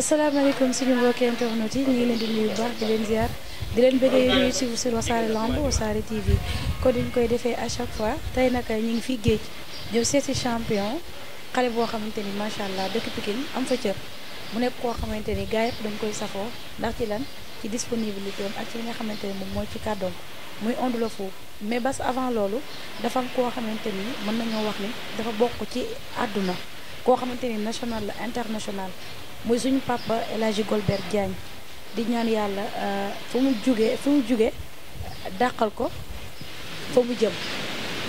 asalaamaaleykum suñu mbokki internet yi ñu ngi leen di nuyu baax di leen ziar di leen bëggee yéen ñuy suivre sur Wassare Lamb Wassare TV kon ñu koy defee à chaque fois tey nag ñu ngi fi géej ñëw seeti champion xale boo xamante ni macha allah dëkk Pikine am fa cër mu nekk koo xamante ni gars yëpp dañ koy safoo ndax ci lan ci disponibilité am ak ci li nga xamante ni moom mooy ci kàddoom muy Onde le Fou mais bas avant loolu dafa koo xamante ni mën nañoo wax ni dafa bokk ci àdduna koo xamante ni national international. muy suñu papa El Hadji Golbert Diagne di ñaan yàlla euh, fu mu jugee fu mu jugee dàqal ko fa mu jëm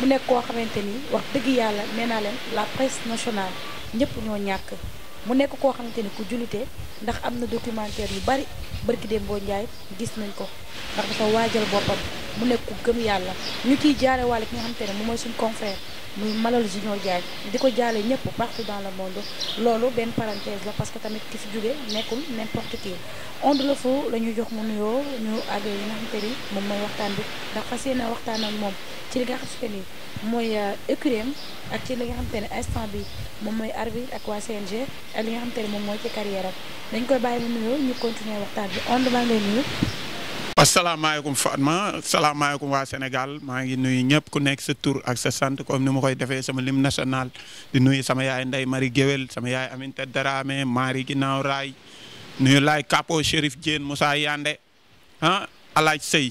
mu nekk koo xamante ni wax dëgg yàlla nee naa leen la presse nationale ñëpp ñoo ñàkk mu nekk koo xamante ni ku julite ndax am na documentaire yu bari bërki déem boo njaay gis nañ ko ndax dafa waajal boppam mu nekk ku gëm yàlla ñu ciy jaarewaale ki nga xamante ne moom mooy suñu confrère muy Malal Junior Diagne di ko jaale ñëpp partout dans le monde loolu benn parenthèse la parce que tamit ki fi jóge nekkul n'importe qui Onde le Fou la ñuy jox mu nuyoo ñu àggee yi nga xamante ni moom mooy waxtaan bi ndax fas yéene waxtaan ak moom ci li nga xamante ni mooy euh, écurie ak ci li nga xamante ni instant moom mooy arbitre ak waa CNG ak li nga xamante ni moom mooy ci carrière dañ koy bàyyi mu nuyoo ñu continuer waxtaan bi Onde maa ngi nuyu asalaamaaleykum Fatma salaamaaleykum waa Sénégal maa ngi nuyu ñëpp ku nekk sa tur ak sa sant comme ni ma koy defee sama lim national di nuyu sama yaay Ndey Mari Géwél sama yaay Aminta Darame Mari Ginaaw Raay nuyu laay Kapo Chérif Diène Moussa Yande ah Alaaj Sëy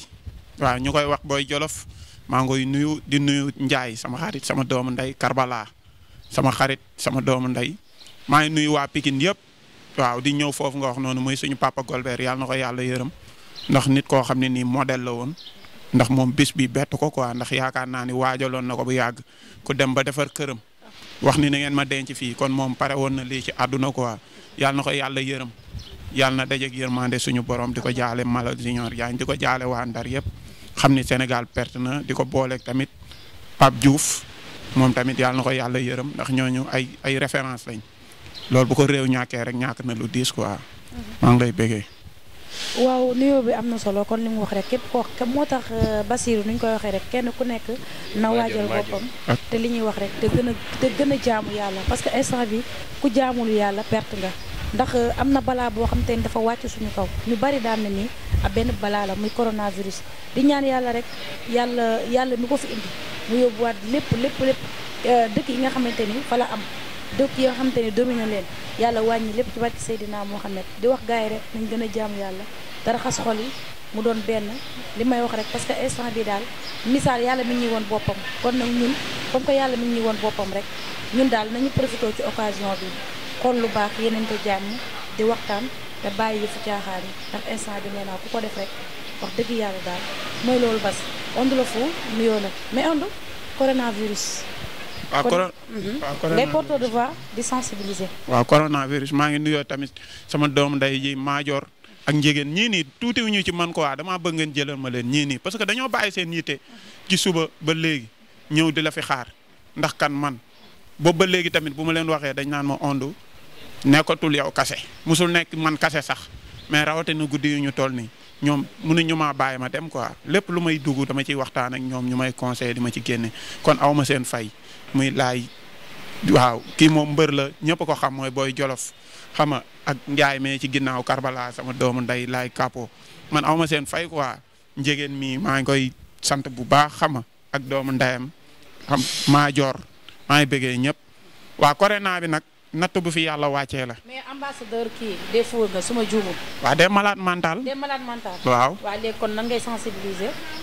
waaw ñu koy wax booy Jolof maa ngi nuyu di nuyu Ndiaye sama xarit sama doomu ndey Karbala sama xarit sama doomu ndey maa ngi nuyu waa Pikine yëpp waaw di ñëw foofu nga wax noonu muy suñu papa Golbert yàlla na ko yàlla yërëm. ndax nit koo xam ne nii modèle la woon ndax moom bis bi bett ko quoi ndax yaakaar naa ni waajaloon na ko bu yàgg ku dem ba defar këram wax ni na ngeen ma denc fii kon moom pare woon na lii ci àdduna quoi yàlla na ko yàlla yërëm yàlla na dajeeg yërmande suñu borom di ko jaale Malo Junior Diagne di ko jaale waa Ndar yëpp xam ni Sénégal perte na di ko booleeg tamit Pape Diouf moom tamit yàlla na ko yàlla yërëm ndax ñooñu ay ay référence lañ loolu bu ko réew ñàkkee rek ñàkk na lu diis quoi. Mm-hmm. maa ngi lay bëggee. waaw nuyoo bi am na solo kon li mu wax rek képp ko koo moo tax euh, Basiru nu ñu koy waxee rek kenn ku nekk na waajal boppam ah. te li ñuy wax rek te gën a te gën a jaamu yàlla parce que instant bi ku jaamul yàlla perte nga ndax euh, am na balaa boo xam ni dafa wàcc suñu kaw ñu bari daan na nii ab ah, benn balaa la muy coronavirus di ñaan yàlla rek yàlla yàlla mi ko fi indi mu yóbbuwaat lépp lépp lépp euh, dëkk yi nga xamante ni fa la am dëkk yoo xam te ne domine leen yàlla wàññi lépp ci barke Seydina Mohamed di wax gars yi rek nañ gën a jaamu yàlla dara xas xol yi mu doon benn li may wax rek parce que instant bi daal misaal yàlla mi ngi woon boppam kon nag ñun comme que yàlla mi ngi woon boppam rek ñun daal nañu profité ci occasion bi xool lu baax yeneen te jàmm di waxtaan te bàyyi fu caaxaan yi ndax instant bi nee naa ku ko def rek wax dëgg yàlla daal mooy loolu bas Onde le Fou waaw ah, corona waaw mhm. ah, corona les porteurs de coronavirus maa ngi nuyoo tamit sama doom nday ji maajoor ak njigéen ñii nii tuuti wu ñu ci man kowaa waa damaa bëgg ngeen jëlal ma leen ñii nii parce que dañoo bàyyi seen yitte ci suba ba léegi ñëw di la fi xaar ndax kan man boobu ba léegi tamit bu ma leen waxee dañ naan ma Onde nekkatul yow kase musul nekk man kase sax mais na guddi yu ñu toll nii ñoom mënuñu maa bàyyi ma dem quoi lépp lu may dugg dama ciy waxtaan ak ñoom ñu may conseillé di ma ci génne kon aw ma seen fay muy lay waaw kii moom mbër la ñëpp ko xam mooy booy jolof xam ak njaay mee ci ginnaaw Karbala sama doomu nday laay Kapo man awma seen fay quoi njegeen mi maa ngi koy sant bu baax xam ak doomu ndayam xam maa joor maa ngi bëggee ñëpp waa naa bi nag natt bu fi yàlla wàccee la. mais ambassadeur kii des fois nga ma juumul.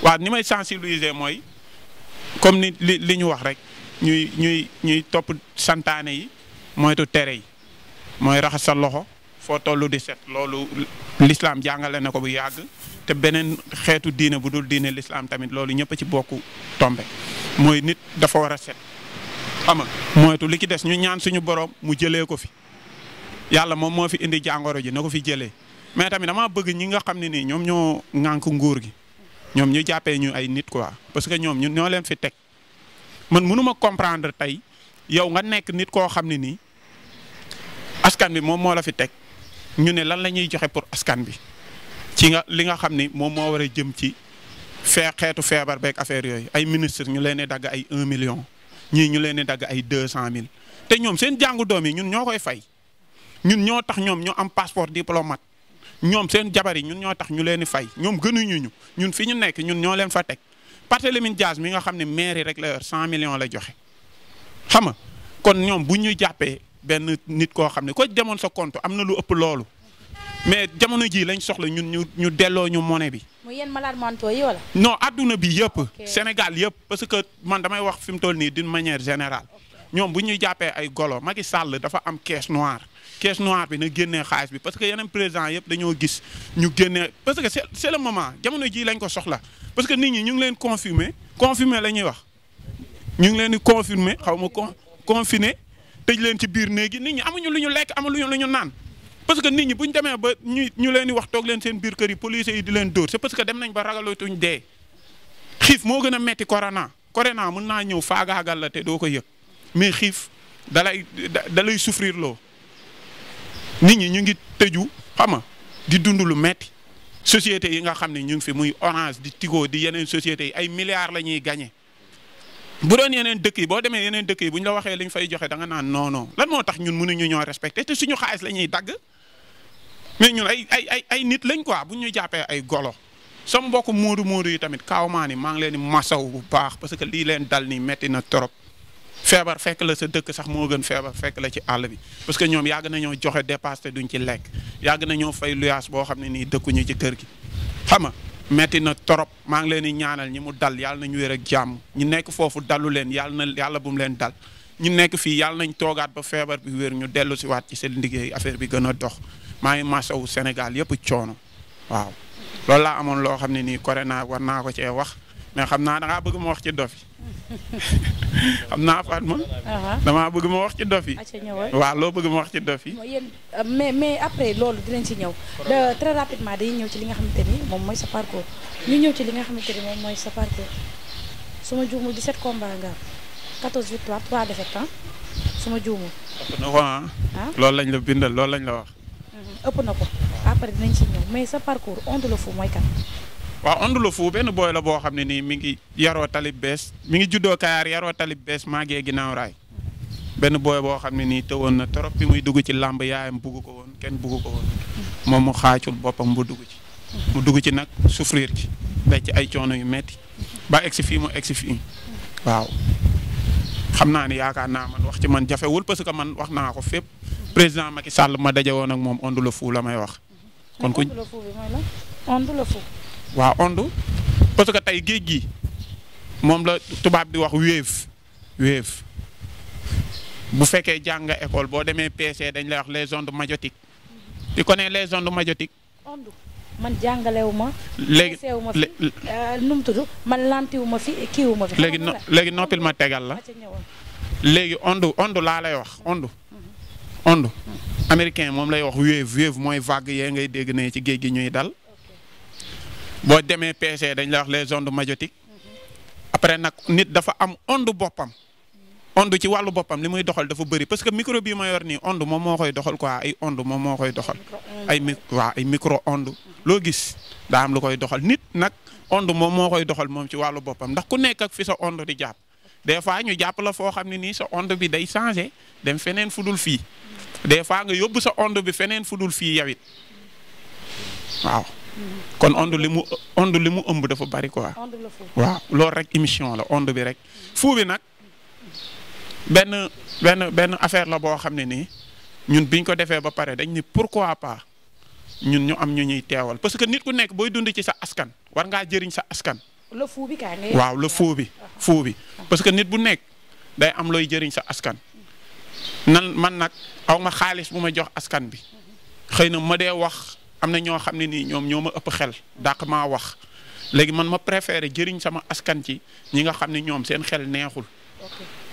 waaw ni may sensibiliser mooy comme ni li ñu wax rek ñuy ñuy ñuy topp santaane yi moytu tere yi mooy raxas sa loxo foo toll di set loolu lislaam jàngale na ko bu yàgg te beneen xeetu diine bu dul diine lislaam tamit loolu ñëpp a ci bokk tombe mooy nit dafa war a set xam nga moytu li ci des ñu ñaan suñu borom mu jëlee ko fi yàlla moom moo fi indi jàngoro ji na ko fi jëlee mais tamit damaa bëgg ñi nga xam ne nii ñoom ñoo ŋànk nguur gi ñoom ñu jàppee ñu ay nit quoi parce que ñoom ñun ñoo leen fi teg. man mënuma comprendre tey yow nga nekk nit koo xam ne nii askan bi moom moo la fi teg ñu ne lan la ñuy joxe pour askan bi ci nga li nga xam ni moom moo war jëm ci feex xeetu feebar beeg affaire yooyu ay ministre ñu leen di dagg ay un million ñii ñu leen di dagg ay deux cent mille te ñoom seen jàngu doom yi ñun ñoo koy fay ñun ñoo tax ñoom ñu am passeport diplomate ñoom seen jabar yi ñun ñoo tax ñu leen di fay ñoom gënuñu ñu ñun fi ñu nekk ñun ñoo leen fa teg. Barthélémy Dias mi nga xam ne mairie rek la yor cent millions la joxe xama kon ñoom bu ñu jàppee benn nit koo xam ne ko demoon sa compte am na lu ëpp loolu mais jamono jii lañ soxla ñun ñu ñu delloo ñu monnaie bi. mu yéen malade adduna bi yëpp. Sénégal yëpp parce que man damay wax fi mu toll nii d'une manière générale. ñoom bu ñuy jàppee ay golo Macky Sall dafa am caisse noire. caisse noire bi na génnee xaalis bi parce que yeneen président yëpp dañoo gis ñu génne parce que c'est le moment jamono jii lañ ko soxla parce que nit ñi ñu ngi leen confirmer confirmer la ñuy wax ñu ngi leen di confirmer xaw ma con confiner tëj leen ci biir néegi nit ñi amuñu lu ñu lekk amuñu lu ñu naan parce que nit ñi bu ñu demee ba ñu ñu leen di wax toog leen seen biir kër yi police yi di leen dóor c'est parce que dem nañ ba ragalootuñ dee xiif moo gën a metti corona corona mën naa ñëw faagaagal la te doo ko yëg mais xiif dalay dalay souffrir loo nit ñi ñu ngi tëju xam nga di dund lu metti société yi nga xam ne ñu ngi fi muy orange di tigo di yeneen société yi ay milliards la ñuy gagné bu doon yeneen dëkk yi boo demee yeneen dëkk yi bu ñu la waxee li ñu fay joxe da nga naan non non moo tax ñun mënuñu ñoo respecté te suñu xaalis la ñuy dagg mais ñun ay ay ay ay nit lañ quoi bu ñu jàppee ay golo sama mbokku moodu moodu yi tamit kaaw maa ni maa ngi leen di masaw bu baax parce que lii leen dal nii metti na trop. feebar fekk la sa dëkk sax moo gën feebar fekk la ci àll bi parce que ñoom yàgg nañoo joxe dépasse te duñ ci lekk yàgg nañoo fay luyaas boo xam ne nii dëkkuñu ci kër gi xam nga metti na torop maa ngi leen di ñaanal ñi mu dal yàlla nañu wér ak jàmm ñu nekk foofu dalu leen yàlla na yàlla bu mu leen dal ñu nekk fii yàlla nañ toogaat ba feebar bi wér ñu dellu si waat ci seen liggéey affaire bi gën a dox maa ngi masawu Sénégal yëpp coono waaw loolu laa amoon loo xam ne nii corona war naa ko cee wax mais xam naa dangaa bëgg ma wax ci dof yi xam naa Fatma. damaa bëgg ma wax ci dof yi. waaw loo bëgg ma wax ci dof yi. mais mais après loolu dinañ ci ñëw. très rapidement dañuy ñëw ci li nga xamante ni moom mooy sa parcours. ñu ñëw ci li nga xamante ni moom mooy sa parcours su ma juumul 17 combats nga 14 victoires 3 défaites ah su ma juumul. ëpp na ko ah. loolu lañ la bindal loolu lañ la wax. ëpp na ko après dinañ ci ñëw mais sa parcours Onde le Fou mooy kan. waaw Onde le benn booy la boo xam ne nii mi ngi yaroo talib bees mi ngi juddoo Kayaar yaroo talib bees màggee ginnaaw raay benn booy boo xam ne nii woon na trop bi muy dugg ci làmb yaayam bugg ko woon kenn bugg ko woon moom mu xaacul boppam mu dugg ci. mu dugg ci nag souffrir ci ci ay coono yu metti ba egsi fii mu egsi fii waaw xam naa ne yaakaar naa man wax ci man jafewul parce que man wax naa ko fépp président Macky Sall ma daje woon ak moom Onde le la may wax. waaw onde parce que tey géej gi moom la tubaab di wax wave wave bu fekkee jàng nga école boo demee PC dañ lay wax les ondes magnétiques tu connais les ondes magnétiques. onde man jàngalewu ma. léegi euh, nu mu tudd man lantiwu ma fi kiiwu ma léegi léegi noppil ma tegal la. léegi onde onde laa lay wax onde. onde mm-hmm. américain moom lay wax wave wave mooy vague yee ngay dégg ne ci géej gi ñuy dal. boo demee PC dañ la wax les ondes magnétiques après nag nit dafa am onde boppam onde ci wàllu boppam li muy doxal dafa bëri parce que micro bii ma yor nii onde moom moo koy doxal quoi ay moom moo koy doxal ay mi waaw micro onde loo gis daa am lu koy doxal nit nag onde moom moo koy doxal moom ci wàllu boppam ndax ku nekk ak fi sa onde di jàpp des fois ñu jàpp la foo xam ne ni sa onde bi day changé dem feneen fudul fii des fois nga yóbbu sa onde bi feneen fudul fii yawit kon onde li mu onde li mu ëmb dafa bari quoi. waaw loolu rek émission la onde bi rek. fuu bi nag benn benn benn affaire la boo xam ne nii ñun biñ ko defee ba pare dañ ni pourquoi pas ñun ñu am ñu ñuy teewal parce que nit ku nekk booy dund ci sa askan war ngaa jëriñ sa askan. le fuu waaw le fuu bi fuu bi parce que nit bu nekk day am looy jëriñ sa askan. nan man nag aw ma xaalis bu ma jox askan bi xëy na ma dee wax. am na ñoo xam ne nii ñoom ñoo ma ëpp xel dàq maa wax léegi man ma préféré jëriñ sama askan ci ñi nga xam ne ñoom seen xel neexul.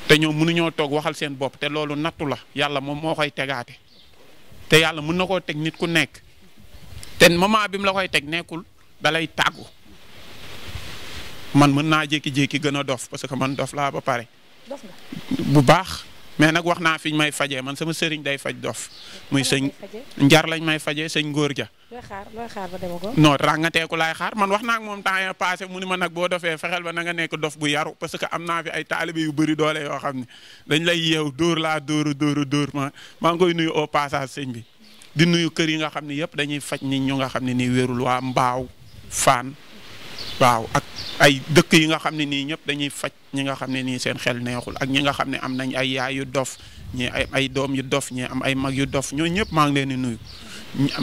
te ñoom mënuñoo toog waxal seen bopp te loolu nattu la yàlla moom moo koy tegaate. te yàlla mun na koo teg nit ku nekk te moment bi mu la koy teg nekkul dalay tàggu man mën naa jékki-jékki gën a dof parce que man dof laa ba pare. bu baax. mais nag wax naa fi ñu may fajee man sama sëriñ day faj dof muy sëñ njar lañ may fajee sëñ góor ja looy xaar looy xaar ba xaar man wax naa ak moom temps yii mu ni ma nag boo dofee fexeel ba na nga nekk dof bu yaru parce que am naa fi ay taalibe yu bëri doole yoo xam ne dañ lay yeew dóor laa dóoru dóoru dóor ma maa ngi koy nuyu o pasa sëñ bi di nuyu kër yi nga xam ni yëpp dañuy faj nit ñu nga xam ne nii wérul waa Mbaaw Fann waaw ak ay dëkk yi nga xam ne nii ñëpp dañuy faj ñi nga xam ne nii seen xel neexul ak ñi nga xam ne am nañ ay yaay yu dof ñi ay doom yu dof ñi am ay mag yu dof ñoo ñëpp maa ngi leen di nuyu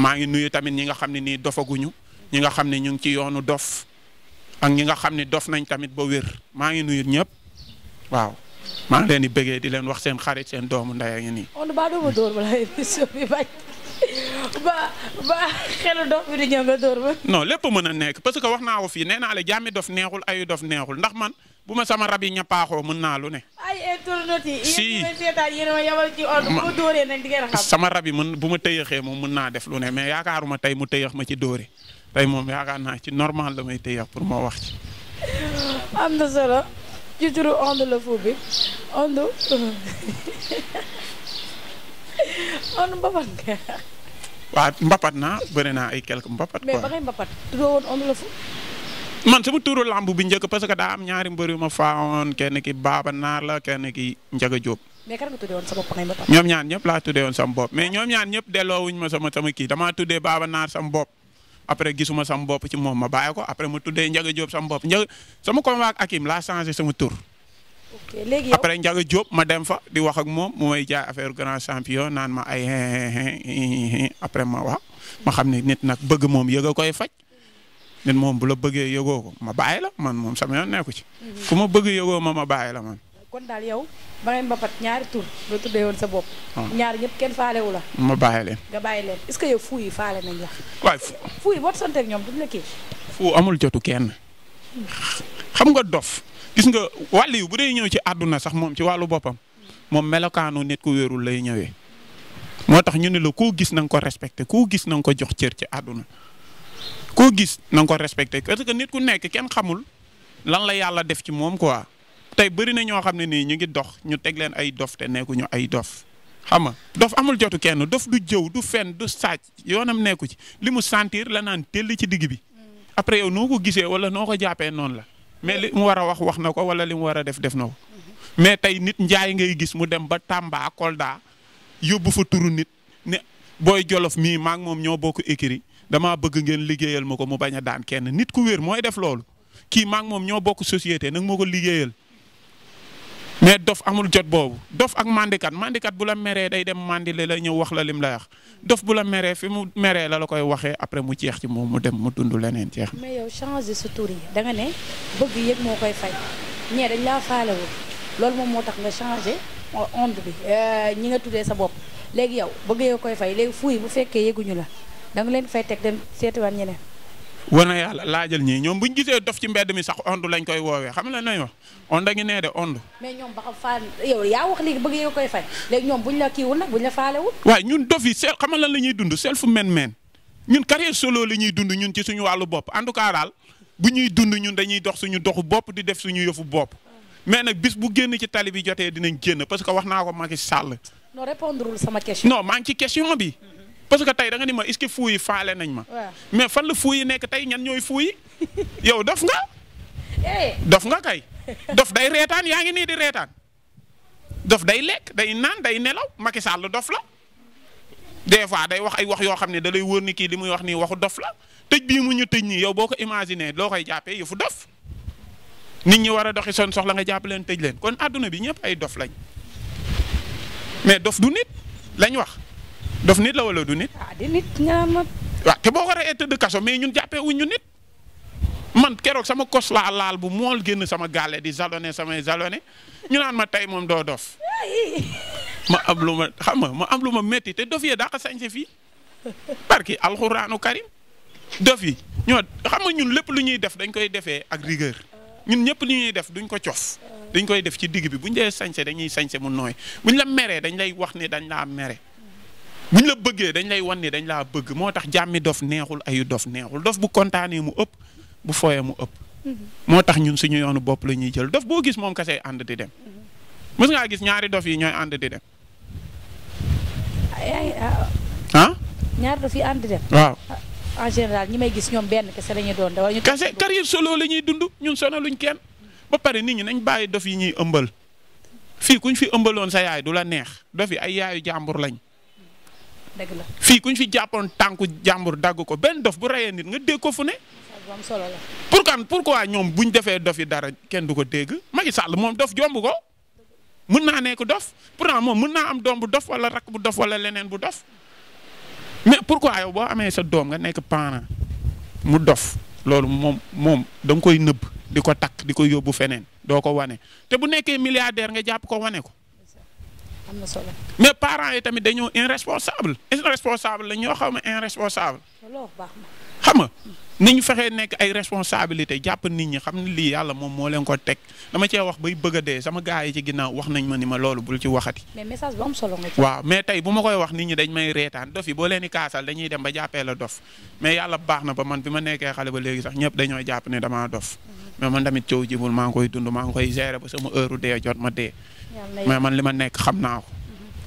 maa ngi nuyu tamit ñi nga xam ne nii dofaguñu ñi nga xam ne ñu ngi ci yoonu dof ak ñi nga xam ne dof nañ tamit ba wér maa ngi nuyu ñëpp waaw maa ngi leen di bëggee di leen wax seen xarit seen doomu ndey a ngi nii. ba ba xelu dof bi di ñëw nga dóor ba. non lépp mën a nekk parce que wax naa ko fii nee naa la jàmmi dof neexul ayu dof neexul ndax man bu ma sama rab yi ñappaaxoo mën naa lu ne. sama rab yi mën bu ma tëyëxee moom mën naa def lu ne mais yaakaaruma tey mu tëyëx ma ci dóore tey moom yaakaar naa ci normal la may tëyëx pour moo wax ci. am na solo ci turu Onde le Fou bi Onde Onde Mbapat waaw mbapat naa bëri naa ay quelque mbapat. quoi mais ba ngay mbapat tuddoo woon Onde bi njëkk parce que daa am ñaari mbër yu ma faawoon kenn ki Baaba Naar la kenn ki Njaga joob mais kan nga tuddee woon sa bopp ngay mbapat. ñoom ñaar ñëpp laa tuddee woon sama bopp mais ñoom ñaar ñëpp delloowuñ ma sama sama kii damaa tuddee Baaba Naar sama bopp. après gisuma sama bopp ci moom ma bàyyi ko après ma tuddee Njaga Jóob sama bopp Njaga sama combat aki Akim laa changé sama tur. léegi après Ndiaga Diop ma dem fa di wax ak moom mu may jaay affaire grand champion naan ma ay après ma wax ma xam ne nit nag bëgg moom yëg a koy faj nit moom bu la bëggee yëgoo ko ma bàyyi la man moom sama yoon nekku ci. Mhm. ku ma bëgg yëgoo ma ma bàyyi la man. kon daal yow ba nga tuddee sa bopp. Ah. ñaari la. ma bàyyi leen. nga que yow fu faale nañ la. waay fu fu ñoom duñ la kii. amul jotu kenn xam nga dof. gis nga wàll yu bu dee ñëw ci àdduna sax moom ci wàllu boppam moom melokaanu nit ku wéerul lay ñëwee moo tax ñu ne la ko gis na nga ko respecté koo gis na ko jox cër ci àdduna koo gis na nga ko respecté parce que nit ku nekk kenn xamul lan la yàlla def ci moom quoi tey bëri na ñoo xam ne nii ñu ngi dox ñu teg leen ay dof te nekkuñu ay dof xam nga dof amul jotu kenn dof du jëw du fen du sàcc yoonam nekku ci li mu sentir la naan tell ci digg bi mm. après yow noo ko gisee wala noo ko jàppee noonu la. mais li mu war a wax wax na ko wala li mu war a def def na ko mais tey nit njaay ngay gis mu dem ba tàmba Kolda yóbbu fa turu nit ne booy jolof mii maa ngi moom ñoo bokk écrit damaa bëgg ngeen liggéeyal ma ko mu bañ a daan kenn nit ku wér mooy def loolu kii maak ngi moom ñoo bokk société nag moo ko liggéeyal mais dof amul jot boobu dof ak mandikat mandikat bu la meree day dem mandile la ñëw wax la lim la wax dof bu la meree fi mu meree la la koy waxee après mu jeex ci moom mu dem mu dundu leneen jeex. mais yow changé sa tur danga ne bëgg yëg moo koy fay ñee dañ laa faalewul loolu moom moo tax nga changé onde bi euh, ñi nga tuddee sa bopp léegi yow bëgg yow koy fay léegi fuuy bu fekkee yëguñu la da nga leen fay teg dem seetiwaat ñeneen. wana yàlla laajal ñii ñoom bu ñu gisee dof ci mbedd mi sax ond lañ koy woowee xam la nañ wax ond a ngi nee de ond. mais ñoom ba xam faal yow yaa wax léegi bëgg yow koy fay léegi ñoom buñ la kiiwul nag buñ la faalewul. waaye ñun dof yi sel xam lan la ñuy dund self men men ñun carrière solo la ñuy dund ñun ci suñu wàllu bopp en tout cas daal bu ñuy dund ñun dañuy dox suñu doxu bopp di def suñu yëfu bopp. mais nag bis bu génn ci tali bi jotee dinañ génn parce que wax naa ko Macky Sall. non répondrul sama maa ngi ci question bi. parce que tey da nga ni ma est-ce que fuu yi faale nañ ma. mais fan la fuu yi nekk tey ñan ñooy fuu yow dof nga. Eh. dof nga kay dof day reetaan yaa ngi nii di reetaan dof day lekk day naan day nelaw Macky dof la. des fois day wax ay wax yoo xam ne da lay wóor ni kii li muy wax nii waxu dof la tëj bii mu ñu tëj nii yow boo ko imaginer loo koy jàppee yëfu dof. nit ñi war a doxi son soxla nga jàpp leen tëj leen kon àdduna bi ñëpp ay dof lañ mais dof du nit lañ wax. dof nit la wala du nit. ah, ah te boo ko reyee tëdd kaso mais ñun jàppee wuñ ñu nit man keroog sama kos laa laal bu mool génn sama gaale di jalone samay jalone ñu naan ma tey moom doo dof ma am lu ma xam nga ma am lu ma métti te dof yee daa ko sañse fii barki alxuraanu karim dof yi ñoo xam nga ñun lépp lu ñuy def dañ koy defee ak rigueur ñun ñëpp lu ñuy def duñ ko cof dañ koy def ci digg bi buñ dee sañse dañuy sañse mu nooy buñ la meree dañ lay wax ne dañ laa mere. buñ la bëggee dañ lay wan ni dañ laa bëgg moo tax jàmmi dof neexul ayu dof neexul dof bu kontaanee mu ëpp bu fooyee mu ëpp. Mm-hmm. moo tax ñun suñu yoonu bopp la ñuy jël dof boo gis moom kese ànd dem. Mm-hmm. mës ngaa gis ñaari dof yi ñooy ànd di dem. ah. ñaari dof yi ànd di dem. waaw. Ah, en ñi may gis ñoom benn kese la solo la ñuy dund ñun sonaluñ kenn. ba pare nit ñu nañ bàyyi dof yi ñuy ëmbal. fii kuñ fi ëmbaloon sa yaay du la neex dofi ay yaayu jàmbur lañ. dëgg la fii ku ñu fi jàppoon tànku jàmbur dagg ko benn dof bu reyee nit nga dégg ko fu ne. am solo la. pour kan pourquoi ñoom bu ñu defee dof yi dara kenn du ko dégg Macky Sall moom dof jomb ko mun naa nekk dof pourtant moom mën naa am doom bu dof wala rakk bu dof wala leneen bu dof mais pour pourquoi yow boo amee sa doom nga nekk parent mu dof loolu moom moom da koy nëbb di ko takk di ko yóbbu feneen doo ko wane te bu nekkee milliardaire nga jàpp ko wane ko. am na solo mais parents yi tamit dañoo irresponsable irresponsable la ñoo xam ne irresponsable. loolu baax xam nga ni ñu fexee nekk ay responsabilité jàpp nit ñi xam lii yàlla moom moo leen ko teg dama cee wax ba bëgg dee sama gars yi ci ginnaaw wax nañ ma ni ma loolu bul ci waxati. mais message waaw mais tey bu ma koy wax nit ñi dañ may reetaan dof yi boo leen di kaasal dañuy dem ba jàppee la dof mais yàlla baax na ba man bi ma nekkee xale ba léegi sax ñëpp dañoo jàpp ne dama dof. mais man tamit coow jibul maa ngi koy dund maa ngi koy gérer ba sama heure dee jot ma dee. mais man li ma nekk xam naa ko.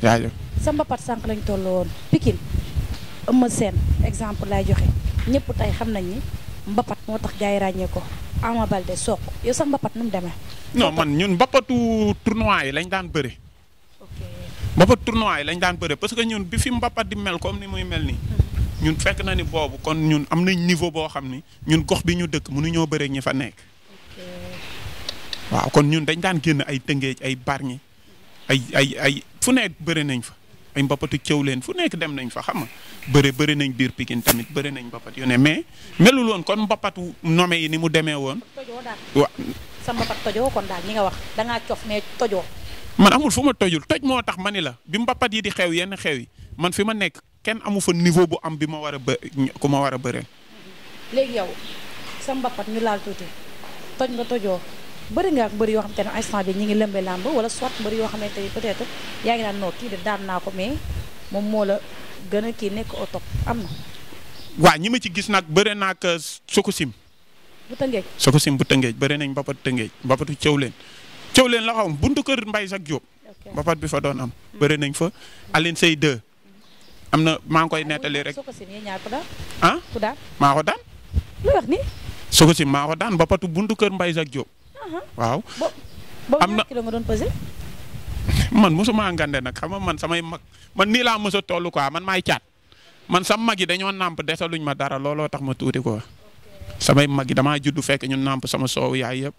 jaajëf mhm. sa mbapat sànq lañ toll woon Pikine Eumeu Sène exemple lay joxe ñëpp tey xam nañ ni mbapat moo tax gars yi ràññee ko Ama Baldé soog yow sax mbapat nu man ñun mbapatu tournoi yi lañ daan bëri. mbapat tournoi yi lañ daan bëri parce que ñun bi fi mbapat di mel comme ni muy mel nii. Mhm. ñun fekk na ni boobu kon ñun am nañ niveau boo xam ni ñun gox bi ñu dëkk mënuñoo bëre ñi fa nekk. waaw kon ñun dañ daan génn ay tëngeej ay barñi ay ay ay fu nekk bëri nañ fa ay mbapatu cëw leen fu nekk dem nañ fa xam nga bëri bëri nañ biir Pikine tamit bëri nañ mbapat yu ne mais melul woon kon mbapatu nome yi ni mu demee woon. sa mbapat tojoo wax da ngaa man amul fu ma tojul toj moo tax ma ni la bi mbapat yi di xew yenn xew yi man fi ma nekk kenn amu fa niveau bu am bi ma war a bë ku ma war a bëreel. léegi yow sa mbapat ñu laal tuuti toj nga tojoo. bëri nga ak bëri yoo xamante ne instant bi ñi ngi lëmbe làmb wala soit bëri yoo xamante ni peut être yaa ngi naan noo kii de daan naa ko mais moom moo la gën a kii nekk oto am na. waaw ñi ma ci gis nag bëri naa ak euh, Sokosim. bu Tëngéej Sokosim bu Tëngéej nañ Mbapat Tëngéej Mbapatu Thiaw leen Thiaw leen la buntu kër Mbaye sax Diop. bi fa doon am. nañ fa Aline Seye am na maa ngi koy nettali rek Sokosim yéen ñaar ah? ko daan. ah daan maa ko daan. Mbapatu buntu kër Mbaye sax jóob Uh-huh. waaw. am na ma doon man mosuma ngande nag xam nga man samay mag man nii laa mos tollu toll quoi man maay caat man sama mag yi dañoo nàmp desaluñ ma dara looloo tax ma tuuti ko samay mag yi damaa juddu fekk ñu nàmp sama soowu yaay yëpp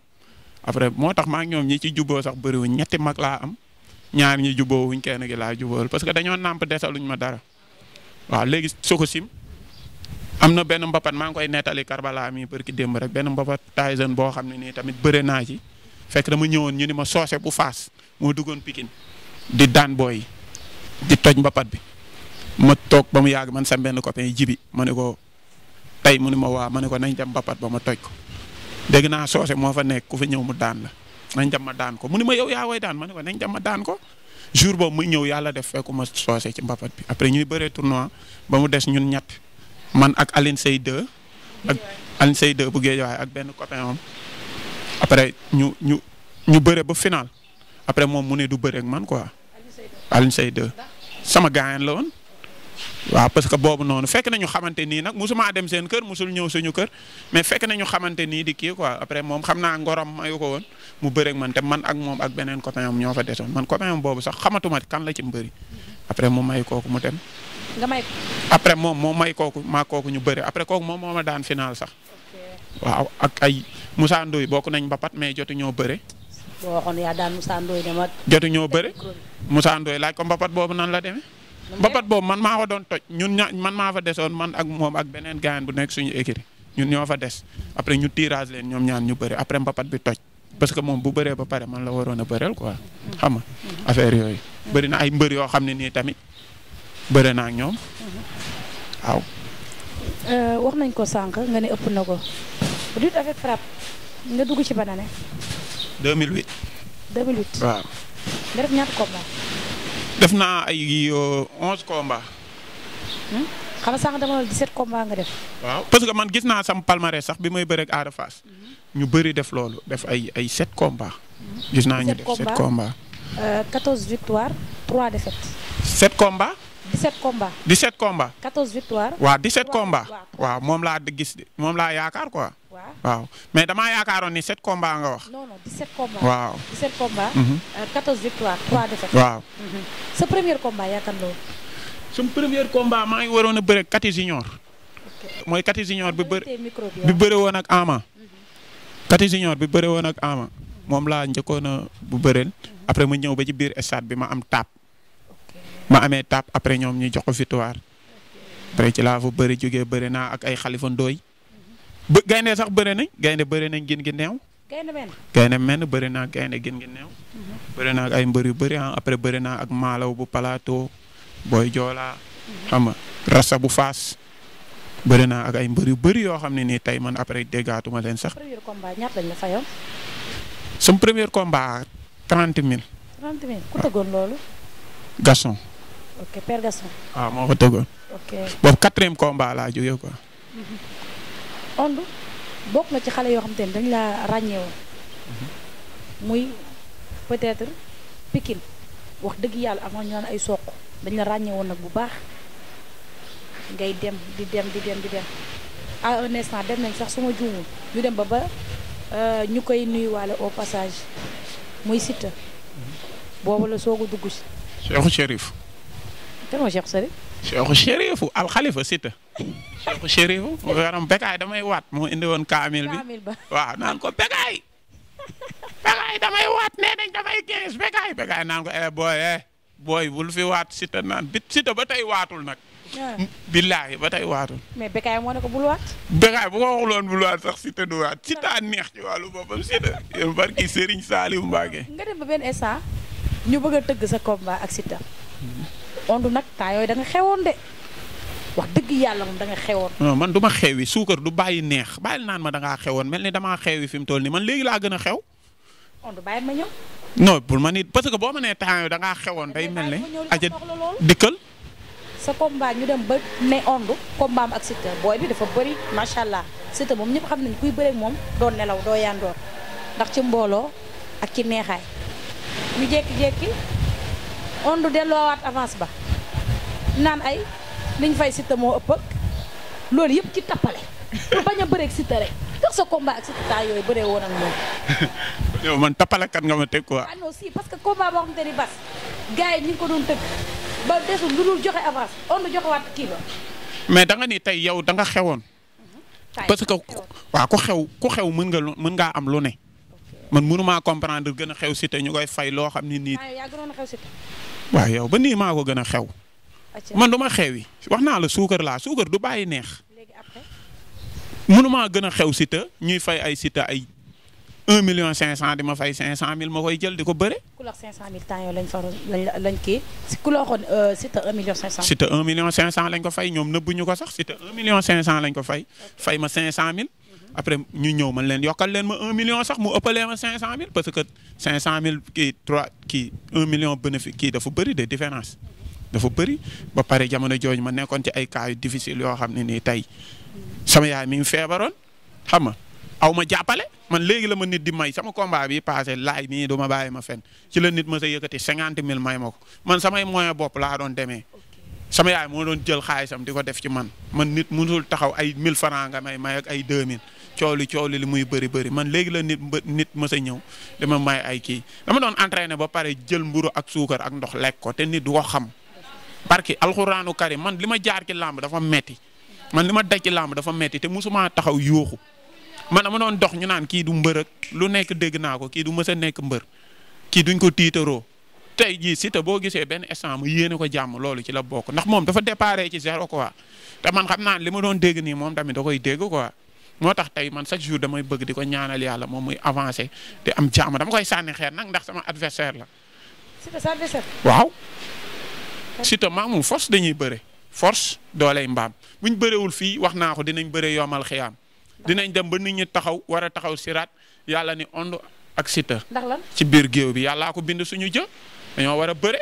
après moo tax maa ngi ñoom ñi ci juboo sax bëriwuñ ñetti mag laa am ñaar ñi wuñ kenn gi laa jubbool parce que dañoo nàmp desaluñ ma dara waaw léegi soo sim am na benn mbapat maa ngi koy nettali Karbala mi barki démb rek benn mbapat Tyson boo xam ne nii tamit bëre naa ci fekk dama ñëwoon ñu ni ma soose bu faas moo duggoon pikin di daan booy di toj mbappat bi ma toog ba mu yàgg man sa benn copain jibi ma ne ko tey mu ne ma waa ma ne ko nañ dem mbapat ba ma toj ko dégg naa soose moo fa nekk ku fa ñëw mu daan la nañ dem ma daan ko mu ne ma yow yaa way daan ma ne ko nañ dem ma daan ko jour boobu mu ñëw yàlla def fekku ma soose ci mbappat bi après ñuy bëree tournoi ba mu des ñun ñett. man ak Aline Seye 2 ak Aline Seye 2 bu Guédiawaye ak benn copain am après ñu ñu ñu bëre ba final après moom mu ne du bëre ak man quoi Aline Seye 2 sama gaañan la woon waaw parce que boobu noonu fekk nañu xamante nii nag musuma dem seen kër musul ñëw suñu kër mais fekk nañu xamante nii di kii quoi après moom xam naa ngorom mayu ko woon mu bëre man te man ak moom ak beneen copain am ñoo fa desoon man copain am boobu sax xamatuma kan la ci mbëri après mu may kooku mu dem. après moom moo may kooku maa kooku ñu bëri après kooku moom moo ma daan final sax. waaw ak ay Moussa Ndoye bokk nañ ba pat mais jotu ñoo bëre. boo waxoon yaa daan Moussa Ndoye dama. jotu ñoo bëre Moussa Ndoye laaj ko mbapat boobu nan la demee. mbapat boobu man maa fa doon toj ñun ña man maa fa desoon man ak moom ak beneen gaayan bu nekk suñu écurie ñun ñoo fa des après ñu tirage leen ñoom ñaan ñu bëri après mbapat bi toj. parce que moom bu bëree ba pare man la waroon a bëreel quoi xam nga affaire yooyu. bëri na ay mbër yoo xam ne nii tamit bëri naa ñoom waaw. Euh, wax nañ ko sànq nga ne ëpp na ko nga dugg ci ban année. waaw. nga def ñaata combat. def naa ay 11 euh, combats. Hmm? xam nga sànq def. parce que man gis naa sama palmarès sax bi may bëreeg Ada Fass. Mhm. ñu bëri def loolu def ay ay 7 gis naa ñu def 7 combats. 14 euh, victoires 3 défaites. waaw moom laa gis moom laa yaakaar quoi. waaw mais damaa yaakaaroon ni 7 combats nga wax. waaw mhm. euh, mhm. sa premier combat yaakaar loolu. sama premier maa ngi waroon a bëre Kati Junior. mooy Kati Junior bi bër bi bëre woon ak Ama. Mhm. Kati Junior bi bëre woon ak Ama moom laa njëkkoon a bu bëreel mhm. après mu ñëw ba ci biir stade bi ma am taap. ma amee taap après ñoom ñu jox ko victoire. après ci laa fa bëri jógee bëri naa ak ay xalifa ndooy. Mhm. ba sax bëri nañ gaynde bëri nañ gin gi neew. bëri naa gaynde gin gi neew. bëri ay mbër yu bëri ah après bëri naa ak maalaw bu plateau. booy joola xam nga bu faas bëri naa ak ay mbër yu bëri yoo xam ne nii tey man après déggaatuma leen sax. premier combat ñaata lañ la fayoon. sama premier combat ku tëggoon loolu. Gasson. ok père Gasson. Ah, moo ko tëggoon. ok boobu quatrième laa jógee quoi. Mhm. Onde bokk na ci xale yoo xam te dañ laa ràññeewoon. Mhm. muy peut-être Pikine wax dëgg yàlla avant ñu ay soq. dañ la ràññee woon nag bu baax ngay dem di dem di dem di dem à un instant dem nañ sax suma juumul ñu dem ba ba euh, ñu koy nuyuwaale au passage muy Siteu boobu la soog a dugg si. Cheikhou Chérif. kan mooy alxalifa Siteu Cheikhou Chérifu damay waat moo indi woon kaamil bi waaw naan ko bekaay bekaay damay waat nee nañ damay gis bekaay bekaay naan ko eh booy eh. booy bul fi waat Siteu naan bi Siteu ba tey waatul nag. billaahi ba tey waatul. mais Bécaye moo ko bu ko waxuloon bul waat sax Siteu a neex ci wàllu boppam Siteu. yow barki Serigne Saliou Mbacké. nga dem ba benn instant ñu bëgg a tëgg sa combat ak Siteu. Onde nag temps yooyu da xewoon de. wax dëgg yàlla moom da xewoon. man du ma xewi suukar du bàyyi neex bàyyil naan ma da ngaa xewoon mel ni damaa xewi fi mu toll nii man léegi laa gën a xew. Onde bàyyi ma ñëw. non bu ma nit parce que boo ma nee temps yii da ngaa xewoon day mel ne. aja dikkal. sa combat ñu dem ba ne ondu combat ak Siteu booy bi dafa bëri macha allah Siteu moom ñëpp xam nañ kuy bëreeg moom doo nelaw doo yandoor ndax ci mbooloo ak ci neexaay ñu jékki-jékki ondu delloowaat avance ba naan ay liñ fay Siteu moo ëpp loolu yëpp ci tappale pour bañ a bëreeg Siteu rek ndax sa combat ak Siteu yooyu bëree woon ak moom. yow man tapalakat nga ma teg quoi. Ah ko doon mais da nga tey yow da xewoon. Mm-hmm. parce que waaw ku xew ku xew mën nga mën ngaa am lu ne. man mënumaa comprendre gën a xew Siteu ñu koy fay loo xam ne nii. Ah, waa yow ba nii maa ko gën a xew. man du xewi wax naa la suukar laa suukar du bàyyi neex. mënumaa gën a xew Siteu ñuy fay ay Siteu ay 1 million 500 di ma fay 500000 ma koy jël di ko bëre. ku la 500000 temps yow lañ fa lañ kii euh, million 500. Siteu lañ ko fay ñoom nëbbuñu ko sax Siteu 1 million 500 lañ ko fay. fay ma 500000. après ñu ñëw man leen yokkal leen ma un million sax mu ëppalee ma 500000 parce que 500000 kii 3 kii 1 million bénéfice kii dafa bëri de différence. dafa bëri ba pare jamono jooju ma nekkoon ci ay cas yu yoo xam ne nii tey sama yaay mi ngi feebaroon xam nga aw ma jàppale man léegi la ma nit di may sama combat bi passé laay mi du ma bàyyi ma fen ci la nit ma sa yëkkati cinquante mille may ma ko man samay moyen bopp laa doon demee sama yaay moo doon jël xaalisam di ko def ci man man nit mënul taxaw ay mille francs nga may may ak ay deux mille cooli cooli li muy bëri bëri man léegi la nit nit mës a ñëw dama may ay kii dama doon entraîné ba pare jël mburu ak suukar ak ndox lekk ko te nit du ko xam parce que man li ma ci làmb dafa metti man li ma daj ci làmb dafa metti te musuma taxaw yuuxu man dama doon dox ñu naan kii du mbër ak lu nekk dégg naa ko kii du mës a nekk mbër kii duñ ko tiitaroo tey jii Siteu boo gisee benn instant mu yéene ko jàmm loolu ci la bokk ndax moom dafa déparé ci zéro quoi te man xam naa li ma doon dégg nii moom tamit da koy dégg quoi moo tax tey man chaque jour damay bëgg di ko ñaanal yàlla moom muy avancé de am jàmm dama koy sànni xeer nag ndax sama adversaire la. Siteu sa adversaire. waaw dañuy bëre. force dooley mbaam buñ bëreewul fii wax naa ko dinañ bëre yomal xiyaam dinañ dem ba nit ñu taxaw war a taxaw siraat yàlla ni Onde ak Siteu. ci biir géew bi yàllaa ko bind suñu jë dañoo war a bëre.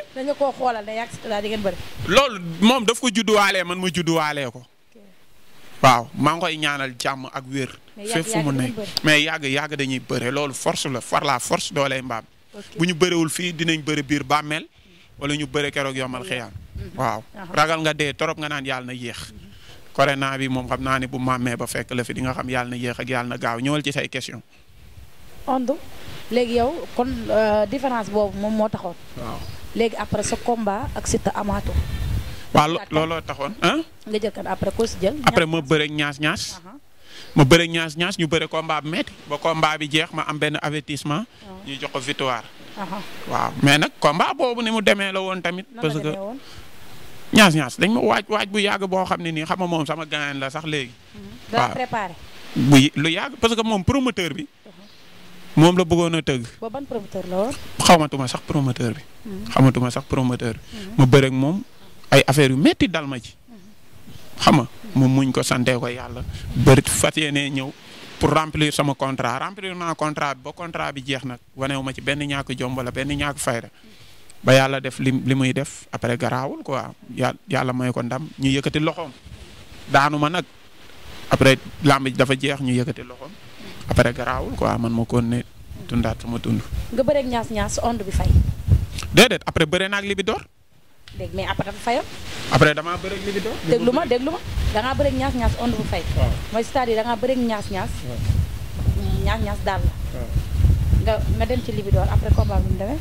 loolu moom daf ko judduwaalee man ma judduwaale ko. waaw maa ngi koy ñaanal jàmm ak wér. fépp fu mu mais yàgg yàgg dañuy bëre loolu force la far la force dooley mbaam. bu ñu bërewul fii dinañ bëre biir bàmmeel wala ñu bëre keroog yombal xiyaam mhm. waaw ragal nga dee torop nga naan yàlla na yéex mhm. corona bi moom xam naa ne bu màmmee ba fekk la fi di nga xam yàlla na yéex ak yàlla na gaaw ñëwal ci say question Onde léegi yow kon euh, différence boobu moom moo taxoon léegi après sa combat ak Siteu amaato waaw looloo taxoon ah nga jël kan après ma bëre ñaas ñaas ma bëre ñaas ñaas ñu bëre combat mbaam metti ba combat bi jeex ma am benn avertissement. ñu jox ko victoire. waaw mais nag combat boobu ni mu demee la woon tamit. parce que ñaas ñaas dañ ma waaj waaj bu yàgg boo xam ne nii xam nga moom sama gaañ la sax léegi. Mhm. waaw lu yàgg parce que moom promoteur bi. Mhm. moom la bëggoon a tëgg. la woon. xamatuma sax promoteur bi. Mhm. xamatuma sax promoteur bi. ma bëre ak moom ay affaire yu métti dal ma ci. xam nga mu muñ ko santee ko yàlla bëri fas yéenee ñëw pour remplir sama contrat remplir naa contrat bi ba contrat bi jeex nag wane wu ma ci benn ñàkk jom wala benn ñàkk fayda ba yàlla def li li muy def après garaawul quoi yàlla may ko ndam ñu yëkkati loxoom daanu ma nag après làmb dafa jeex ñu yëkkati loxoom après garaawul quoi man ma kon ne dundaat sama dund. nga bëreeg ñaas ñaas ond bi fay. déedéet après bëre naag li dégg mais après dafa fayoon. après damaa bëri ak ma déglu ma ñaas ñaas on bu fay. waaw mooy c'est-à-dire dangaa bëri ak ñaas ñaas. ñaas ñaas daal la. nga dem ci Libidor après mu demee.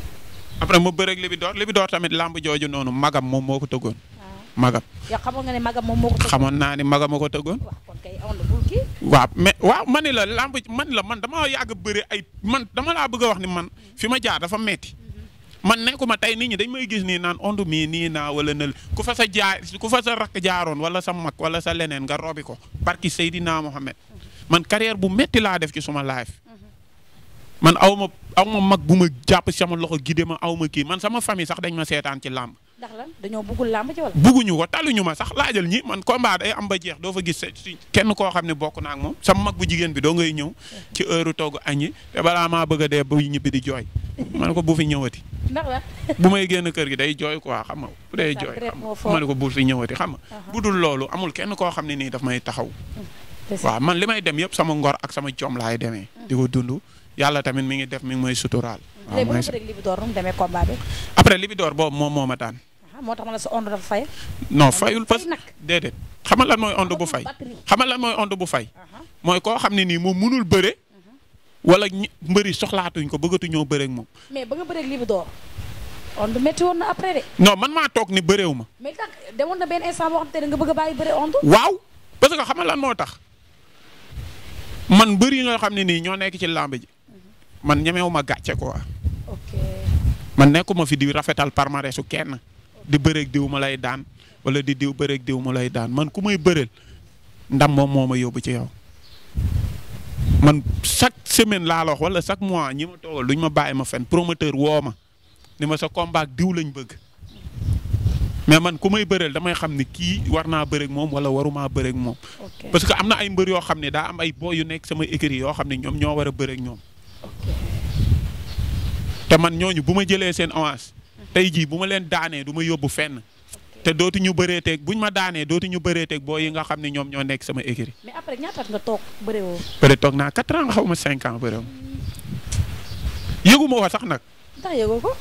après tamit lamb jooju noonu magam moom moo ko tëggoon. Ah. magam yow xamoon nga ne magam moom ko. xamoon naa ni magam moo ko tëggoon. waaw kon kay on bul waaw mais la lamb man la man damaa yàgg bëri ay man dama la bëgg a wax ni man fi ma jaar dafa metti man nekkuma tey nit ñi dañ may gis nii naan ondu mii nii naa wala nël ku fa sa jaar ku fa sa rakk jaaroon wala sa mag wala sa leneen nga robi ko barki naa Mohamed man carrière bu métti laa def ci suma life man aw ma ma mag bu ma jàpp sama loxo gide ma aw ma kii man sama famille sax dañ ma seetaan ci làmb ndax lan dañoo bëggul làmb ci wala. bëgguñu ko taluñu ma sax laajal ñi man komba day am jeex doo fa gis kenn koo xam ne bokk naa ak moom sama mag bu jigéen bi doo ngay ñëw ci heure togg añi balaa maa bëgg dee ba ñibbi di jooy ma ko bu fi ñëwati. ndax la bu may génn kër gi day jooy quoi xam nga bu day jooy. ma ko bu fi ñëwati xam nga. bu dul loolu amul kenn koo xam ne nii daf may taxaw. waaw man li may dem yëpp sama ngor ak sama coom laay demee. di ko dund yàlla tamit mi ngi def mi ngi may suturaal. waaw mooy Libidor nu mu demee combat bi. après Libidor boobu moom moo ma daan. moo tax ma sa onde dafa fay. non fayul parce que déedéet. xamal lan mooy onde bu fay. xamal lan mooy onde bu koo xam ne nii moom munul bëre wala mbëri soxlaatuñ ko bëggatuñoo bëreek moom. mais ba nga bëreeg Libidor onde métti woon na après de. non man maa toog ni bëreew ma. mais demoon na benn instant nga bëgg a bàyyi waaw parce que xam nga moo tax man bëri ñoo xam ne nii ñoo nekk ci làmb ji man ñemewu ma gàcce ko ok man nekkuma fi di rafetal par palmarès su kenn di bëreek diw ma lay daan wala di diw bëreek diw ma lay daan man ku may bëreel ndam moom moo ma yóbbu ci yow. man chaque semaine laa la wax wala chaque mois ñi ma toogal duñ ma bàyyi ma fen promoteur woo ma ni ma sa combat diw lañ bëgg mais man ku may bëreel damay xam ni kii war naa bëreeg moom wala warumaa bëreeg moom. parce que am na ay mbër yoo xam ne daa am ay boy yu nekk sama écurie yoo xam ne ñoom ñoo war a bëreeg ñoom. te man ñooñu bu ma jëlee seen avance. Mm-hmm. tey jii bu ma leen daanee du ma yóbbu fenn. te dootuñu ñu bëreeteeg buñ ma daanee dootuñu ñu bëreeteeg boo yi nga xam ne ñoom ñoo nekk sama écurie. mais après ñaata at nga toog naa 4 ans xaw ma 5 ans bëreewoo yëgu ma sax nag. ndax yëgoo ko.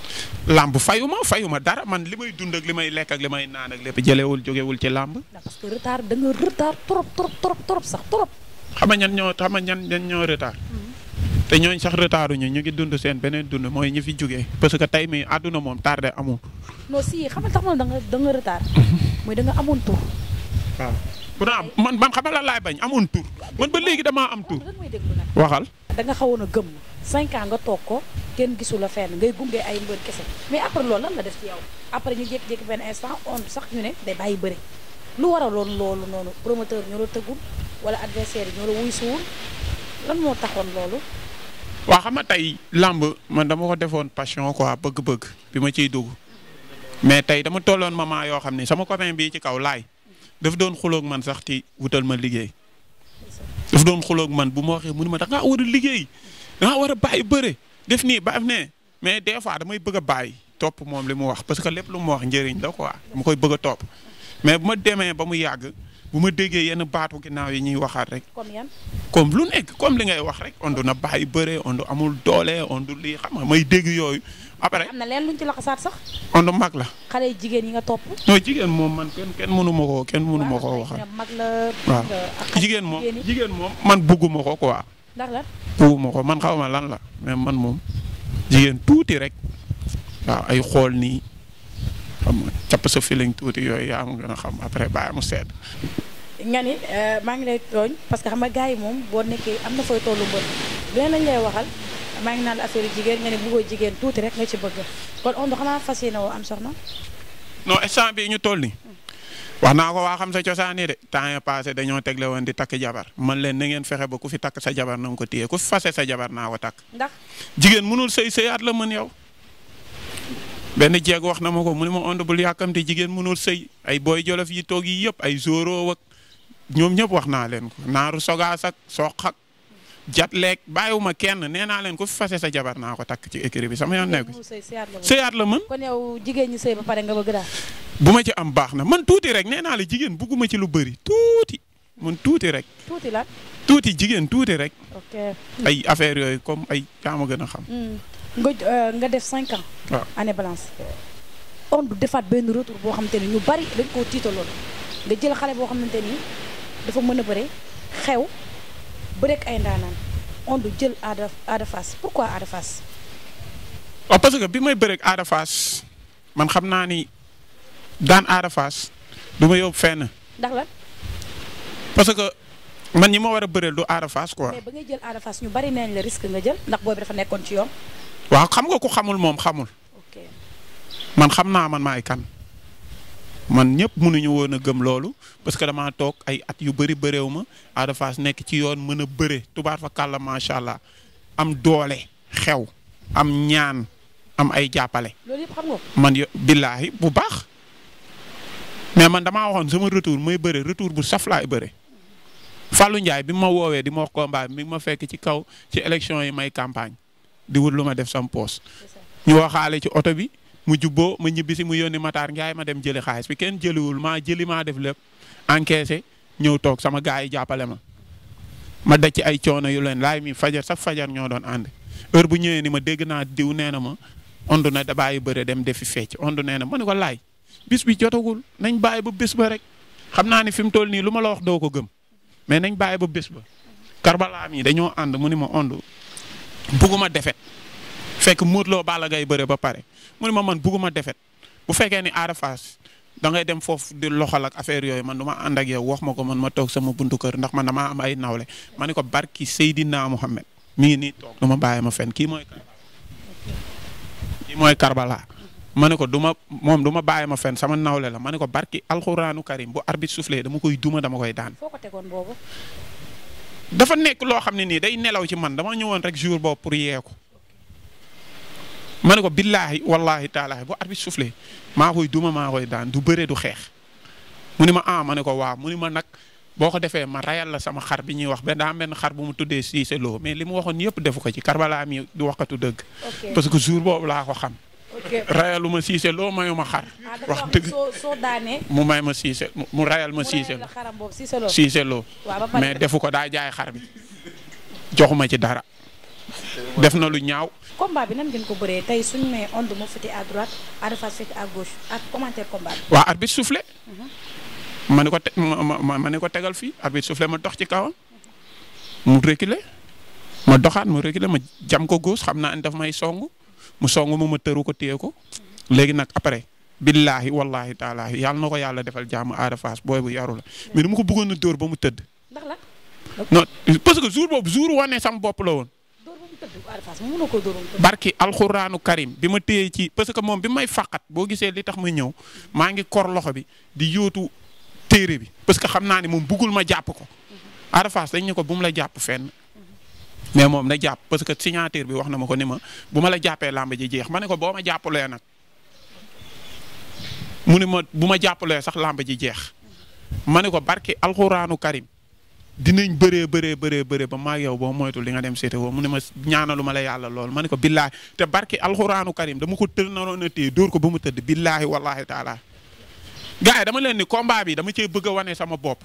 làmb fayu ma fayu dara man li may dund ak li may lekk li may naan ak lépp jëlewul jógewul ci làmb. parce que retard sax trop. ñoo xam nga ñan ñan ñoo te ñooñ sax retard ñu ñu ngi dund seen beneen dund mooy ñu fi jugee parce que tey mi àdduna moom tardé amul. non si xam nga tax na da nga mooy da nga amoon tur. waaw pourtant man man xam la laay bañ amoon tur man ba léegi damaa am tur. waxal. da nga xawoon a gëm cinq nga toog ko kenn gisu la fenn ngay gunge ay mbër kese mais après lool lan la def ci yow après ñu jékki-jékki benn instant on sax ñu ne day bàyyi bëre lu waraloon loolu noonu promoteur ñoo la tëggul wala adversaire yi ñoo la wuy lan moo taxoon loolu. waa xam nga tey làmb man dama ko defoon passion quoi bëgg-bëgg bi ma ciy dugg mais tey dama tolloon maman yoo xam ne sama copain bii ci kaw laay daf doon xuloog man sax ti wutal ma liggéey. daf doon xuloog man bu ma waxee mu ne ma da ngaa war liggéey da ngaa war a bàyyi def nii ba am ne mais des fois damay bëgga a topp moom li mu wax parce que lépp lu mu wax njëriñ la quoi mu koy bëgg a topp mais bu ma demee ba mu yàgg. bu ma déggee yenn baatu ginnaaw yi ñuy waxaat rek. comme yan comme lu nekk comme li ngay wax rek ondu na bàyyi bëre ondu amul doole ondu lii xam nga may dégg yooyu. après am na leen luñ sax. ondu mag la. xale jigéen yi nga topp. non jigéen moom man kenn kenn mënu ma koo kenn mënu ma koo waxal. mag la waaw jigéen moom jigéen moom man bugguma ko quoi. ndax la ko man xaw ma lan la mais man moom jigéen tuuti rek waaw ay xool nii. jàpp sa feeling tuuti yooyu yaa ma gën xam après bàyyi mu sedd. nga ni euh, maa ngi lay tooñ parce que xam nga moom boo nekkee am na fooy tollu mbër leneen lañ lay waxal maa ngi naan affaire jigéen nga ne bëggoo jigéen tuuti rek nga ci bëgg kon on xanaa fas yéene woo am soxna. non instant bii ñu toll ni wax naa ko waa xam sa cosaan yi de temps yii passé dañoo tegle woon di takk jabar man leen ne ngeen fexe ba ku fi takk sa jabar na ko téye ku fi fase sa jabar naa ko takk. jigéen mënul sëy sëyaat la mën yow. benn jeeg wax na ma ko mu ne ma Onde bul yàkkamte jigéen mënul sëy ay booy jolof yi toog yi yëpp ay zoro ak ñoom ñëpp wax naa leen ko naaru sogaas ak soq ak jat leeg bàyyiwuma kenn nee naa leen ko fi fase sa jabar naa ko takk ci écrit bi sama yoon nekk sëyaat la mën jigéen ñi sëy ba pare nga bu ma ci am baax na man tuuti rek nee naa la jigéen bugguma ci lu bari tuuti man tuuti rek tuuti la tuuti jigéen tuuti rek ay affaire yooyu comme ay yaa ma gën xam mm. nga euh, nga def cinq ans. waaw ah. année balance. on du defaat benn retour boo xamante ni ñu bari dañ koo tiitaloon nga jël xale boo xamante ni dafa mën a bëre xew bëreek ay ndaanaan on du jël aada aada pourquoi aada faas. Ah, parce que bi may bëreek aada faas man xam naa ni daan aada faas du ma yóbbu fenn. ndax la parce que man ñi ma war a bëreel du aada faas quoi. mais ba ngay jël aada ñu bari nañ la risque nga jël ndax boobu dafa nekkoon ci yoon. waa xam nga ku xamul moom xamul. man xam naa man maay kan. man ñëpp mënuñu woon a gëm loolu parce que damaa toog ay at yu bëri bëreew ma Ada nekk ci yoon mën a bëre tubaar fa kàlla macha allah am doole xew am ñaan am ay jàppale. man yo billaahi bu baax. mais man damaa waxoon suma retour mooy bëre retour bu saf laay bëre. Fallou njaay bi ma woowee di ma wax combat bi ma fekk ci kaw ci élection yi may campagne di lu ma def sam poos ñu waxaale ci oto bi mu jubboo ma ñibbisi mu yónni Matar Ndiaye ma dem jëli xaalis bi kenn jëliwul maa jëli maa def lépp encaissé ñëw toog sama gars yi jàppale ma ma daj ci ay coono yu leen laay mi fajar sax fajar ñoo doon ànd heure bu ñëwee ni ma dégg naa diw nee na ma ond na da bàyyi bëre dem defi fecc ond nee na ma ne ko laay bis bi jotagul nañ bàyyi ba bés ba rek xam naa ni fi mu toll nii lu ma la wax doo ko gëm mais nañ bàyyi ba bés ba karbalaam yi dañoo ànd mu ni ma ond bugguma defet fekk Modou Lo Balla Gaye bëre ba pare mu ne ma man bugguma defet bu fekkee ni Ada Fass da ngay dem foofu di loxal ak affaire yooyu man du ma ànd ak yow wax ma ko man ma toog sama buntu kër ndax man damaa am ay nawle ma ne ko barki Seydina Mohamed mi ngi nii toog du ma bàyyi ma fenn kii mooy Karbala mooy Karbala ma ne ko du ma moom du ma bàyyi ma fenn sama nawle la ma ne ko barki alxuraanu karim bu arbitre soufflé dama koy duma dama koy daan. foo dafa nekk loo xam ne nii day nelaw ci man dama ñëwoon rek jour boobu pour yeeku ko ma ne ko billaahi wallaahi taalaahi bu arbitre soufflé maa koy duma maa koy daan du bëre du xeex mu ni ma ah ma ne ko waaw mu ni ma nag boo ko defee ma rayal la sama xar bi ñuy wax ba daa benn xar bu mu tuddee Cissé Lo mais li mu waxoon yëpp defu ko ci Karbala mi du waxkatu dëgg. parce que jour boobu laa ko xam. rayal ma siise loo mayu ma xar. Ah, dëgg mu may ma siise mu rayal ma siise loo siise loo mais defu ko daa jaay xar bi joxuma ci dara. def na lu ñaaw. combat bi nan ngeen ko bëree bi. waa arbitre mhm. ne ko te ma ma ne ko tegal fii arbitre soufflé ma dox ci kawam. mu reculer ma doxaat mu reculer ma jam ko gauche xam naa ne daf may songu. mu song ma ma tëru ko téye ko léegi nag après billaahi wallaahi taalaahi yàlla na ko yàlla defal jaamu Ada Fass booy bu yaru la mais dama ko bëggoon a dóor ba mu tëdd. ndax la. parce que jour boobu jour wane sam bopp la woon. dóor ba mu tëdd Ada Fass barki alxuraanu karim bi ma téye ci parce que moom bi may fàqat boo gisee li tax ma ñëw maa ngi kor loxo bi di yóotu téere bi parce que xam naa ne moom bëggul ma jàpp ko. Ada Fass ko bu la jàpp fenn. mais moom na jàpp parce que signature bi wax na ma ko ni ma bu ma la jàppee làmb ji jeex ma ne ko boo ma jàppalee nag ma bu ma jàppalee sax làmb ji jeex ma ne ko barki alxuraanu karim dinañ bëree bëree bëree bëree ba maag yow boo moytul di nga dem seete mu ne ma ñaanalu ma la yàlla lool ma ne ko billaahi te barki alxuraanu karim dama ko tël naroon a téye ko ba mu tëdd billaahi wallaahi taala gars dama leen ni combat bi dama cee bëgg a wane sama bopp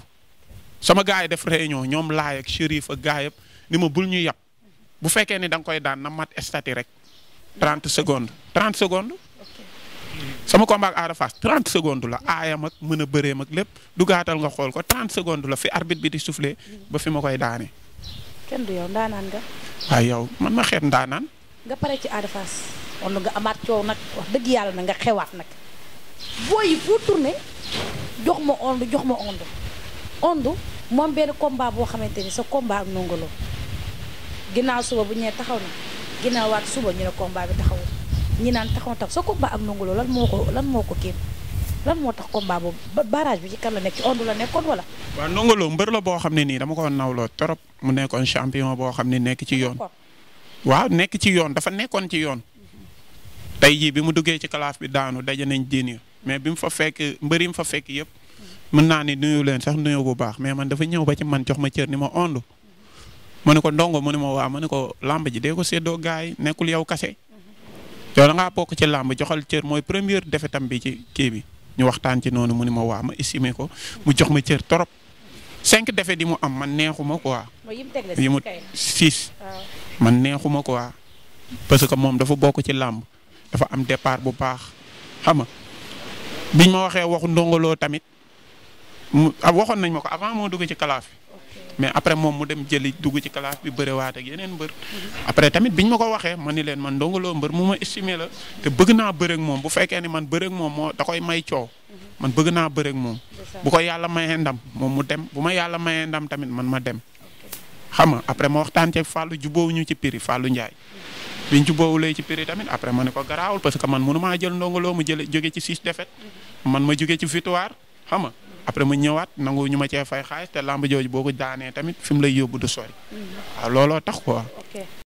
sama gars yi def réunion ñoom laay ak Chérif ak gars yëpp ni ma bul ñu yàpp bu fekkee ni da nga koy daan na mat stati rek 30 secondes 30 secondes. sama combat ak Ada Fass la aayam ak mën a bëreem ak lépp dugaatal nga xool ko 30 secondes la fi arbit bi di soufflé ba fi ma koy daane. kenn du yow ndaanaan nga. waaye yow man ma xeet ndaanaan. nga pare ci Ada Fass nga amaat coow nag wax dëgg yàlla na nga xewaat nag. booy yi pour tourner jox ma onde jox ma onde onde moom benn combat boo xamante ni sa combat nongolo. ginnaaw suba bu ñu nee taxaw na ginnaaw waat suba ñu ne combat bi taxawul ñi naan taxaw tax sa combat ak Ndongo Lo lan moo ko lan moo ko kii lan moo tax combat boobu barrage bi ci kan la nekk ci ondu la nekkoon wala. waaw Ndongo Lo la boo xam ne nii dama ko nawloo trop mu nekkoon champion boo xam ne nekk ci yoon. waaw nekk ci yoon dafa nekkoon ci yoon. tey jii bi mu duggee ci kalaaf bi daanu daje nañ diin mais bi mu fa fekk mbër yi mu fa fekk yëpp. mën naa ni nuyu leen sax nuyu bu baax mais man dafa ñëw ba ci man jox ma ni ma ondu. ma ne ko ndongo mu ne ma waa ma ne ko làmb ji de ko séddoo gars yi nekkul yow kase yow da ngaa bokk ci làmb joxal cër mooy première tam bi ci kii bi ñu waxtaan ci noonu mu ne ma waa ma estimé ko mu jox ma cër trop cinq défaites di mu am man neexuma quoi. yi mu six ah. man neexuma quoi. parce que moom dafa bokk ci làmb dafa am départ bu baax xam nga biñ ma waxee waxu ndongoloo tamit mu ah, waxoon nañ ma ko avant moo dugg ci kalaaf mais après moom mu dem jëli dugg ci classe bi bëriwaat ak yeneen mbër. après tamit biñ ma ko waxee ma ni leen man Ndongo Lo mbër mu ma estimé la te bëgg naa bëre moom bu fekkee ni man bëre moom moo da koy may coow. man bëgg naa bëre moom. bu ko yàlla mayee ndam moom mu dem bu ma yàlla mayee ndam tamit man ma dem. xam nga après ma waxtaan ceeg Fallou jubóowuñu ci prix Fallou Ndiaye. biñ jubóowulee ci prix tamit après ma ne ko garaawul parce que man mënu maa jël Ndongo Lo mu jële ci six défaites. man ma jóge ci victoire xam nga après mu ñëwaat nangu ñu ma cee fay xaalis te lamb jooju boo ko daanee tamit fi lay yóbbu du sori. Mm-hmm. waaw looloo tax ko